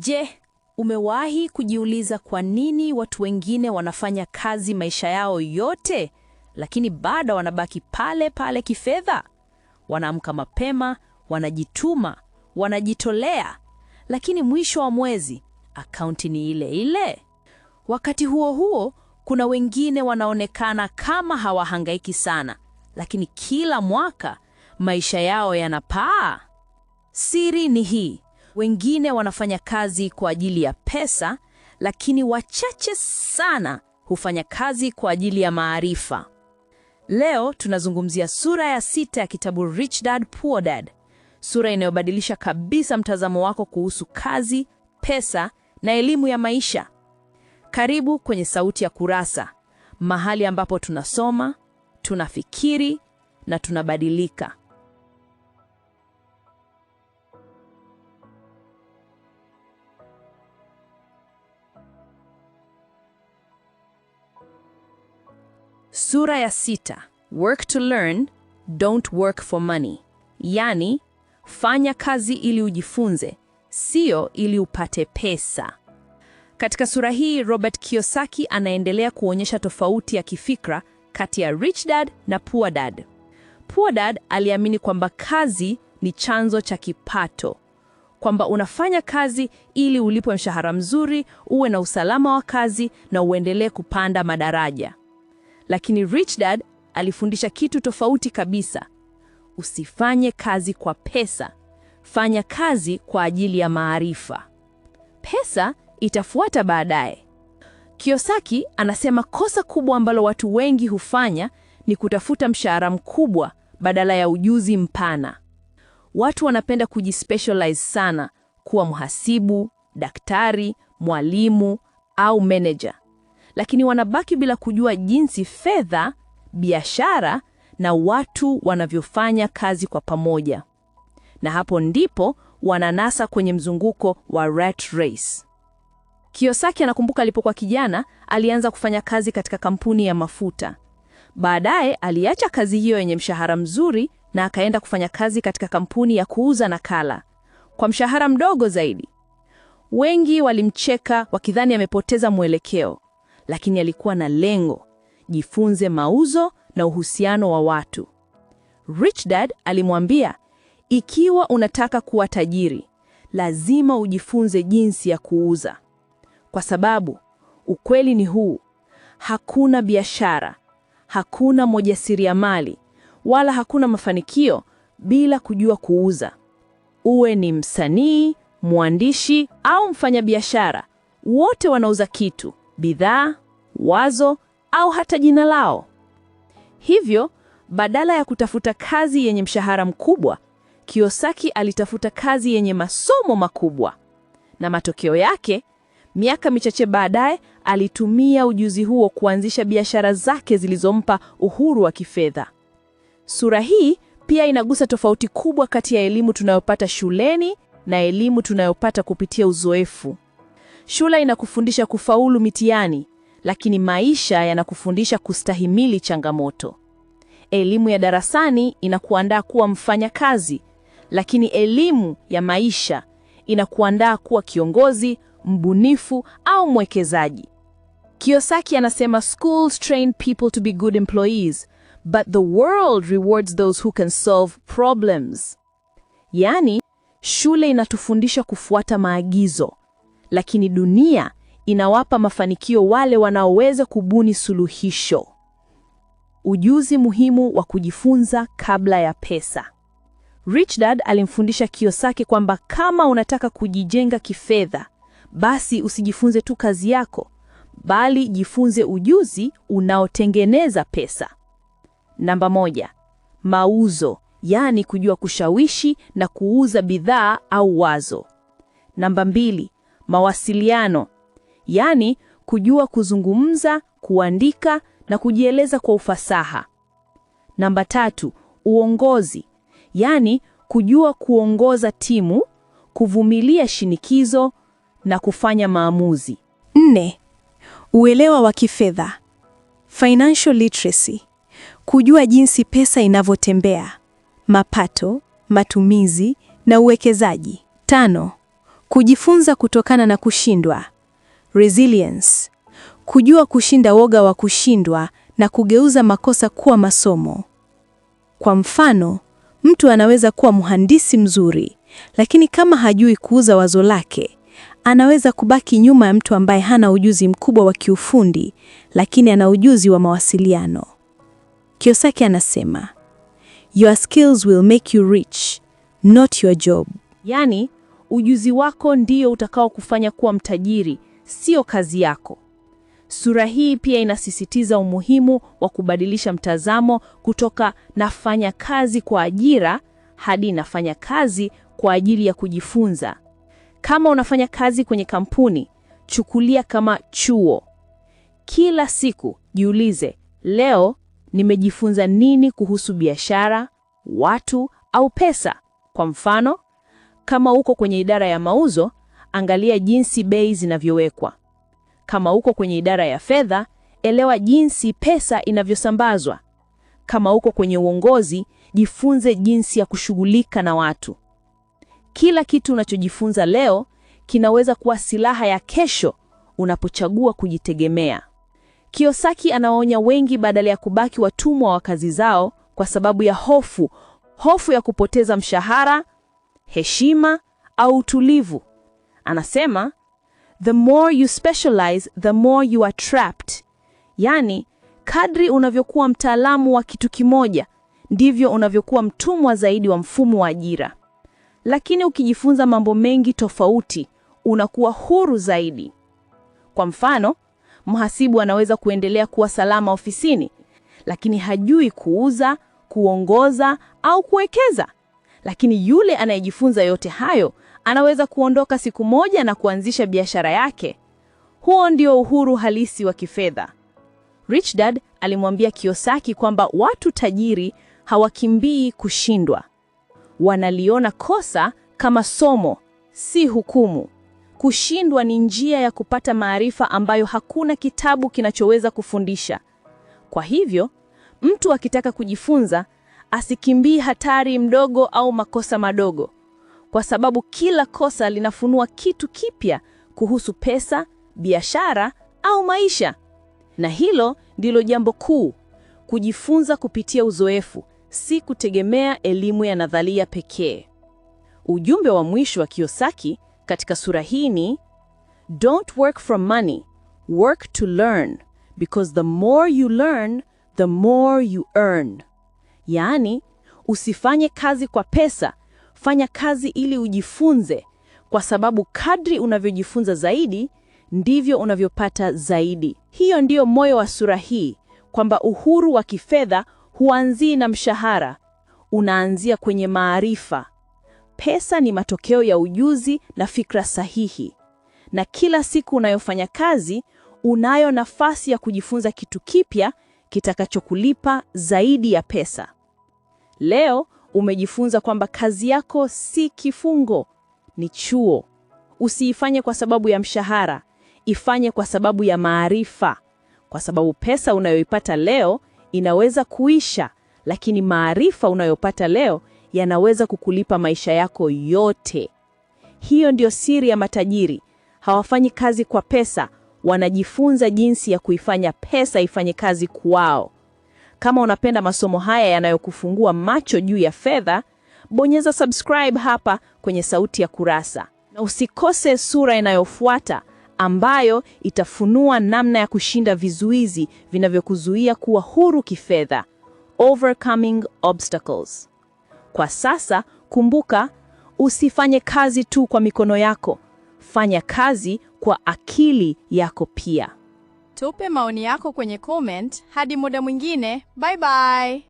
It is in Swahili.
Je, umewahi kujiuliza kwa nini watu wengine wanafanya kazi maisha yao yote lakini bado wanabaki pale pale kifedha? Wanaamka mapema, wanajituma, wanajitolea, lakini mwisho wa mwezi akaunti ni ile ile. Wakati huo huo, kuna wengine wanaonekana kama hawahangaiki sana, lakini kila mwaka maisha yao yanapaa. Siri ni hii. Wengine wanafanya kazi kwa ajili ya pesa, lakini wachache sana hufanya kazi kwa ajili ya maarifa. Leo tunazungumzia sura ya sita ya kitabu Rich Dad Poor Dad, sura inayobadilisha kabisa mtazamo wako kuhusu kazi, pesa na elimu ya maisha. Karibu kwenye Sauti ya Kurasa, mahali ambapo tunasoma, tunafikiri na tunabadilika. Sura ya sita, work to learn, don't work for money. Yani, fanya kazi ili ujifunze, sio ili upate pesa. Katika sura hii Robert Kiyosaki anaendelea kuonyesha tofauti ya kifikra kati ya rich dad na poor dad. Poor dad aliamini kwamba kazi ni chanzo cha kipato, kwamba unafanya kazi ili ulipwe mshahara mzuri, uwe na usalama wa kazi na uendelee kupanda madaraja. Lakini Rich Dad alifundisha kitu tofauti kabisa: usifanye kazi kwa pesa, fanya kazi kwa ajili ya maarifa. Pesa itafuata baadaye. Kiyosaki anasema kosa kubwa ambalo watu wengi hufanya ni kutafuta mshahara mkubwa badala ya ujuzi mpana. Watu wanapenda kujispecialize sana, kuwa mhasibu, daktari, mwalimu au manager lakini wanabaki bila kujua jinsi fedha, biashara na watu wanavyofanya kazi kwa pamoja, na hapo ndipo wananasa kwenye mzunguko wa rat race. Kiyosaki anakumbuka alipokuwa kijana, alianza kufanya kazi katika kampuni ya mafuta. Baadaye aliacha kazi hiyo yenye mshahara mzuri na akaenda kufanya kazi katika kampuni ya kuuza nakala kwa mshahara mdogo zaidi. Wengi walimcheka wakidhani amepoteza mwelekeo, lakini alikuwa na lengo: jifunze mauzo na uhusiano wa watu. Rich Dad alimwambia, ikiwa unataka kuwa tajiri, lazima ujifunze jinsi ya kuuza, kwa sababu ukweli ni huu: hakuna biashara, hakuna mjasiriamali, wala hakuna mafanikio bila kujua kuuza. Uwe ni msanii, mwandishi au mfanyabiashara, wote wanauza kitu bidhaa, wazo au hata jina lao. Hivyo, badala ya kutafuta kazi yenye mshahara mkubwa, Kiyosaki alitafuta kazi yenye masomo makubwa. Na matokeo yake, miaka michache baadaye alitumia ujuzi huo kuanzisha biashara zake zilizompa uhuru wa kifedha. Sura hii pia inagusa tofauti kubwa kati ya elimu tunayopata shuleni na elimu tunayopata kupitia uzoefu. Shule inakufundisha kufaulu mitihani, lakini maisha yanakufundisha kustahimili changamoto. Elimu ya darasani inakuandaa kuwa mfanyakazi, lakini elimu ya maisha inakuandaa kuwa kiongozi, mbunifu au mwekezaji. Kiyosaki anasema schools train people to be good employees, but the world rewards those who can solve problems. Yaani, shule inatufundisha kufuata maagizo, lakini dunia inawapa mafanikio wale wanaoweza kubuni suluhisho. Ujuzi muhimu wa kujifunza kabla ya pesa. Rich Dad alimfundisha Kiyosaki kwamba kama unataka kujijenga kifedha, basi usijifunze tu kazi yako, bali jifunze ujuzi unaotengeneza pesa. Namba moja, mauzo, yaani kujua kushawishi na kuuza bidhaa au wazo. Namba mbili, mawasiliano, yaani kujua kuzungumza, kuandika na kujieleza kwa ufasaha. Namba tatu, uongozi, yaani kujua kuongoza timu, kuvumilia shinikizo na kufanya maamuzi. Nne, uelewa wa kifedha, financial literacy, kujua jinsi pesa inavyotembea, mapato, matumizi na uwekezaji. Tano, kujifunza kutokana na kushindwa resilience, kujua kushinda woga wa kushindwa na kugeuza makosa kuwa masomo. Kwa mfano, mtu anaweza kuwa mhandisi mzuri, lakini kama hajui kuuza wazo lake, anaweza kubaki nyuma ya mtu ambaye hana ujuzi mkubwa wa kiufundi, lakini ana ujuzi wa mawasiliano. Kiyosaki anasema, Your skills will make you rich, not your job. Yani, Ujuzi wako ndio utakao kufanya kuwa mtajiri, sio kazi yako. Sura hii pia inasisitiza umuhimu wa kubadilisha mtazamo kutoka nafanya kazi kwa ajira hadi nafanya kazi kwa ajili ya kujifunza. Kama unafanya kazi kwenye kampuni, chukulia kama chuo. Kila siku jiulize, leo nimejifunza nini kuhusu biashara, watu au pesa? Kwa mfano, kama uko kwenye idara ya mauzo, angalia jinsi bei zinavyowekwa. Kama uko kwenye idara ya fedha, elewa jinsi pesa inavyosambazwa. Kama uko kwenye uongozi, jifunze jinsi ya kushughulika na watu. Kila kitu unachojifunza leo kinaweza kuwa silaha ya kesho unapochagua kujitegemea. Kiyosaki anawaonya wengi badala ya kubaki watumwa wa kazi zao kwa sababu ya hofu, hofu ya kupoteza mshahara, heshima au utulivu. Anasema the more you specialize the more you are trapped, yaani kadri unavyokuwa mtaalamu wa kitu kimoja ndivyo unavyokuwa mtumwa zaidi wa mfumo wa ajira. Lakini ukijifunza mambo mengi tofauti unakuwa huru zaidi. Kwa mfano, mhasibu anaweza kuendelea kuwa salama ofisini, lakini hajui kuuza, kuongoza au kuwekeza lakini yule anayejifunza yote hayo anaweza kuondoka siku moja na kuanzisha biashara yake. Huo ndio uhuru halisi wa kifedha. Rich Dad alimwambia Kiyosaki kwamba watu tajiri hawakimbii kushindwa, wanaliona kosa kama somo, si hukumu. Kushindwa ni njia ya kupata maarifa ambayo hakuna kitabu kinachoweza kufundisha. Kwa hivyo, mtu akitaka kujifunza asikimbii hatari mdogo au makosa madogo, kwa sababu kila kosa linafunua kitu kipya kuhusu pesa, biashara au maisha. Na hilo ndilo jambo kuu, kujifunza kupitia uzoefu, si kutegemea elimu ya nadharia pekee. Ujumbe wa mwisho wa Kiyosaki katika sura hii ni Don't work for money, work to learn because the more you learn, the more you earn. Yaani, usifanye kazi kwa pesa, fanya kazi ili ujifunze, kwa sababu kadri unavyojifunza zaidi ndivyo unavyopata zaidi. Hiyo ndiyo moyo wa sura hii, kwamba uhuru wa kifedha huanzii na mshahara, unaanzia kwenye maarifa. Pesa ni matokeo ya ujuzi na fikra sahihi, na kila siku unayofanya kazi unayo nafasi ya kujifunza kitu kipya kitakachokulipa zaidi ya pesa. Leo umejifunza kwamba kazi yako si kifungo, ni chuo. Usiifanye kwa sababu ya mshahara, ifanye kwa sababu ya maarifa, kwa sababu pesa unayoipata leo inaweza kuisha, lakini maarifa unayopata leo yanaweza kukulipa maisha yako yote. Hiyo ndio siri ya matajiri. Hawafanyi kazi kwa pesa, wanajifunza jinsi ya kuifanya pesa ifanye kazi kwao. Kama unapenda masomo haya yanayokufungua macho juu ya fedha, bonyeza subscribe hapa kwenye Sauti ya Kurasa, na usikose sura inayofuata ambayo itafunua namna ya kushinda vizuizi vinavyokuzuia kuwa huru kifedha, overcoming obstacles. Kwa sasa, kumbuka, usifanye kazi tu kwa mikono yako, fanya kazi kwa akili yako pia. Tupe maoni yako kwenye comment. Hadi muda mwingine, bye bye.